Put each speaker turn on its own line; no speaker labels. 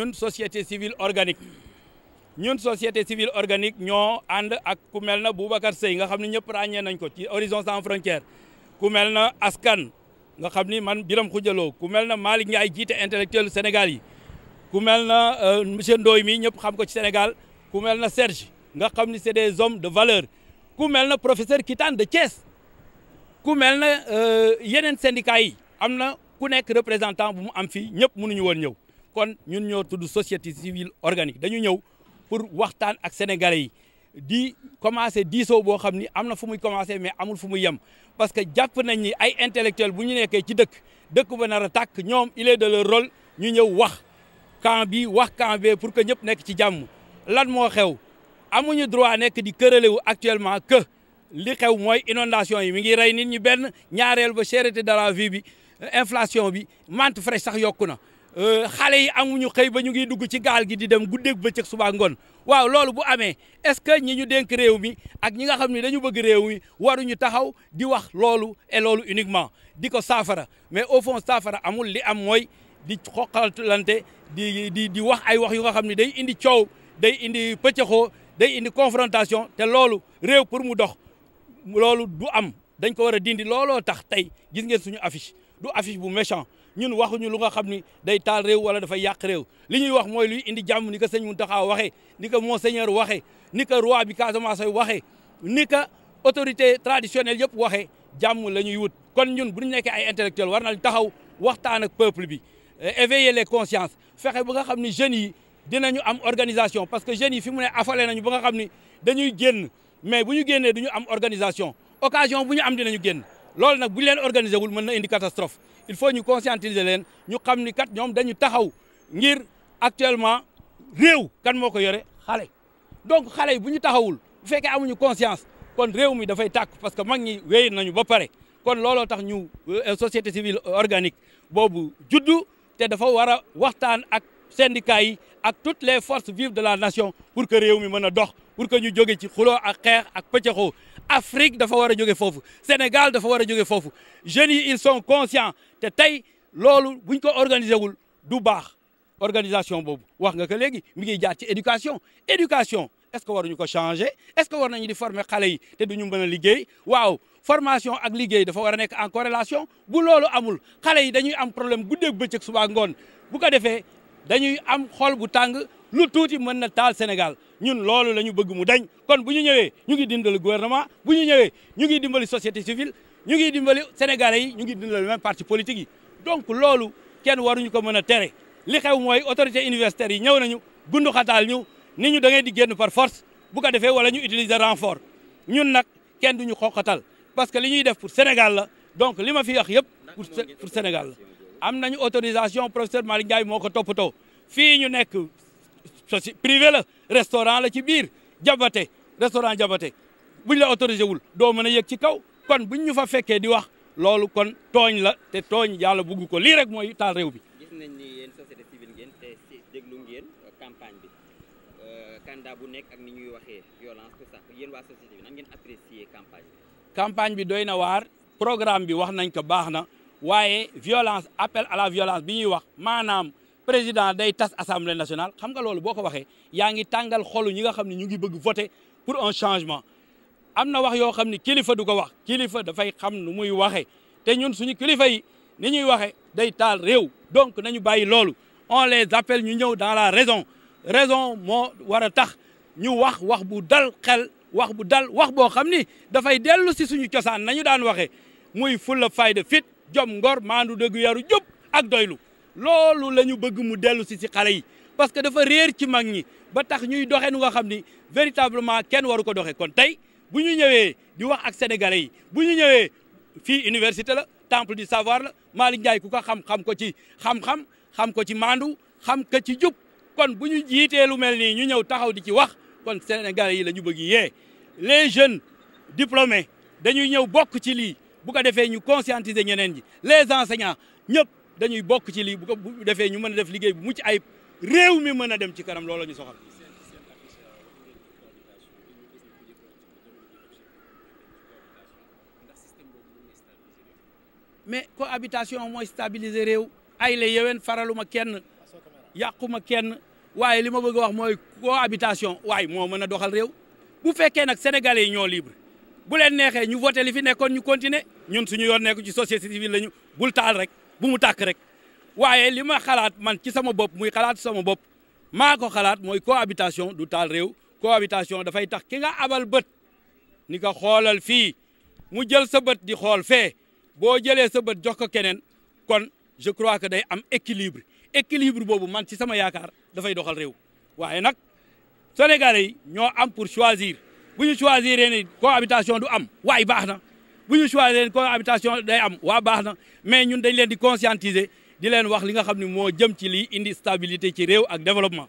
ñun societé civile organique ñun société civile organique ñoo ànd ak ku mel na Boubacar Seye nga xam ne ñëpp ràññee nañ ko ci Horizon Sans Frontières ku mel na askan nga xam ni man Biram Khoudialo ku mel na Malick Ndiaye jiite intellectuel Sénégal yi ku mel na euh, monsieur Ndoye mi ñëpp xam ko ci Sénégal ku mel na Serge nga xam ni c'est des hommes de valeur ku mel na professeur Kitane de Thiès ku mel na euh, yeneen syndicats yi am na ku nekk représentant bu mu am fii ñëpp mënuñu woon ñëw kon ñun ñoo tudd société civile organique dañu ñëw pour waxtaan ak sénégalais yi di commencé diisoo boo xam ni am na fu muy commencé mais amul fu muy yem parce que jàpp nañ ni ay intellectuel bu ñu nekkee ci dëkk dëkk ba nar a tàkk ñoom il de leur rôle ñu ñëw wax camp bi wax camp bee pour que ñëpp nekk ci jàmm lan moo xew amuñu droit nekk di këralewu actuellement que li xew mooy inondation yi mi ngi rey nit ñi benn ñaareel ba cherté de la vie bi inflation bi menthe fraîche sax yokku na Euh, xale yi amuñu xëy ba ñu ngi dugg ci gaal gi di dem guddeeg bëccëg suba ngoon waaw loolu bu amee est-ce que ñi ñu denk réew mi ak ñi nga xam ne dañu bëgg réew mi ñu taxaw di wax loolu et loolu uniquement di ko saafara mais au fond saafara amul li am mooy di xoqalante di di di wax ay wax yu nga xam ne day indi coow day indi pëccëxoo day indi confrontation te loolu réew pour mu dox loolu du am dañ ko war a dindi looloo tax tey gis ngeen suñu affice du affice bu méchant ñun waxuñu lu nga xam ni day taal réew wala dafay yàq réew li ñuy wax mooy luy indi jàmm ni ko sëñ Mountakha waxee ni ko monseigneur waxee ni ko roi bi Casamance waxee ni ko autorité traditionnelle yëpp waxee jàmm la ñuy wut. kon ñun bu ñu nekkee ay intellectuel war nañ taxaw waxtaan ak peuple bi eh, éveiller les consciences fexe ba nga xam ni jeunes yi dinañu am organisation parce que jeunes yi fi mu ne affalee nañu ba nga xam ni dañuy génn mais bu ñu génnee du ñu am organisation occasion bu ñu am dinañu génn. loolu nag bu ñu leen organiser wul mën na indi catastrophe il faut ñu conscientiser leen ñu xam ni kat ñoom dañu taxaw ngir actuellement réew kan moo ko yore xale donc xale yi bu ñu taxawul bu fekkee amuñu conscience kon réew mi dafay tàkk parce que mag ñi wéy nañu ba pare kon looloo tax ñu euh, société civile organique boobu juddu te dafa war a waxtaan ak syndicats yi ak toutes les force vives de la nation pour que réew mi mën a dox pour que ñu jóge ci xuloo ak xeex ak pëccëxoo Afrique dafa war a jóge foofu Sénégal dafa war a jóge foofu jeunes yi ils sont conscients te tey loolu bu ñu ko organiser wul du baax organisation boobu wax nga ko léegi mi ngi jaar ci éducation éducation est-ce que war waruñu ko changé est-ce que war nañu di former xale yi te duñu mën a liggéey waaw formation ak liggéey dafa war a nekk en corrélation bu loolu amul xale yi dañuy am problème guddeeg bëccëg suba ngoon bu ko defee dañuy am xol bu tàng. lu tuuti mën na taal Sénégal ñun loolu la ñu bëgg mu dañ kon bu ñu ñëwee ñu ngi dimbali gouvernement bu ñu ñëwee ñu ngi dimbali société civile ñu ngi dimbali sénégalais yi ñu ngi dimbali même parti politique yi donc loolu kenn waruñu ko mën a tere li xew mooy autorité universitaire yi ñëw nañu bundu xataal ñu ni ñu da di génn par force bu ko defee wala ñu utiliser renfort ñun nag kenn duñu xoqatal parce que li ñuy def pour Sénégal la donc li ma fi wax yëpp pour pour Sénégal am nañu autorisation professeur Malick Ndiaye moo ko toppatoo fii ñu nekk soci privé la restaurant la ci biir jabate restaurant jabate buñ la autorisé wul doo mën a yëg ci kaw kon buñ ñu fa fekkee di wax loolu kon tooñ la te tooñ yàlla bugg ko lii rek mooy taal réew bi. gis nañ ni yéen société civile ngeen te déglu ngeen euh, campagne bi euh, candidat bu nekk ak ni ñuy waxee violence tout ça yéen waa société bi nan apprécier campagne bi. campagne bi doy na waar programme bi wax nañ ko baax na waaye violence appel à la violence bi ñuy wax maanaam. président day tas assemblée nationale xam nga loolu boo ko waxee yaa ngi tàngal xolu ñi nga xam ne ñu ngi bëgg voter pour en changement am na wax yoo xam ne kilifa du ko wax kilifa dafay xam nu muy waxee te ñun suñu kilifa yi ni ñuy waxee day taal réew donc nañu bàyyi loolu on les appelle ñu ñëw dans la raison raison moo war a tax ñu wax wax bu dal xel wax bu dal wax boo xam ni dafay dellu si suñu cosaan nañu daan waxee muy fulla fayda fit jom ngor maandu dëgg yaru jub ak doylu loolu la ñu bëgg mu dellu si si xale yi parce que dafa réer ci mag ñi ba tax ñuy doxee nu nga xam ni véritablement kenn waru ko doxee kon tey bu ñu ñëwee di wax ak sénégalais yi bu ñu ñëwee fii université la temple du savoir la Malick Ndiaye ku ko xam-xam ko ci xam-xam ko ci maandu xam ko ci jub kon bu ñu jiitee lu mel nii ñu ñëw taxaw di ci wax kon sénégal yi la ñu bëgg yee les jeunes diplômés dañuy ñëw bokk ci lii bu ko defee ñu conscientiser ñeneen ñi les enseignants ñëpp. dañuy bokk ci lii bu ko bu defee ñu mën a def liggéey bu mucc ayib réew mi mën a dem ci kanam loolu la ñu soxal mais cohabitation mooy stabiliser réew ay la yewen faraluma kenn yàquma kenn waaye li ma bëgg a wax mooy cohabitation waaye moo mën a doxal réew bu fekkee nag sénégalais yi ñoo libre bu leen neexee ñu voté li fi nekkoon ñu continuer ñun suñu yoon nekk ci société civile lañu bul taal rek bu mu tàkk rek waaye li ma xalaat man ci sama bopp muy xalaat sama bopp maa ko xalaat mooy cohabitation du taal réew cohabitation dafay tax ki nga abal bët ni ko xoolal fii mu jël sa bët di xool fee boo jëlee sa bët jox ko keneen kon je crois que day am équilibre équilibre boobu man ci sama yaakaar dafay doxal réew waaye nag sénégalais yi ñoo am pour choisir bu ñu choisir ni cohabitation du am waaye baax na bu ñu choisir cohabitation day am waa baax na mais ñun dañ leen di conscientiser di leen wax li nga xam ne moo jëm ci lii indi stabilité ci réew ak développement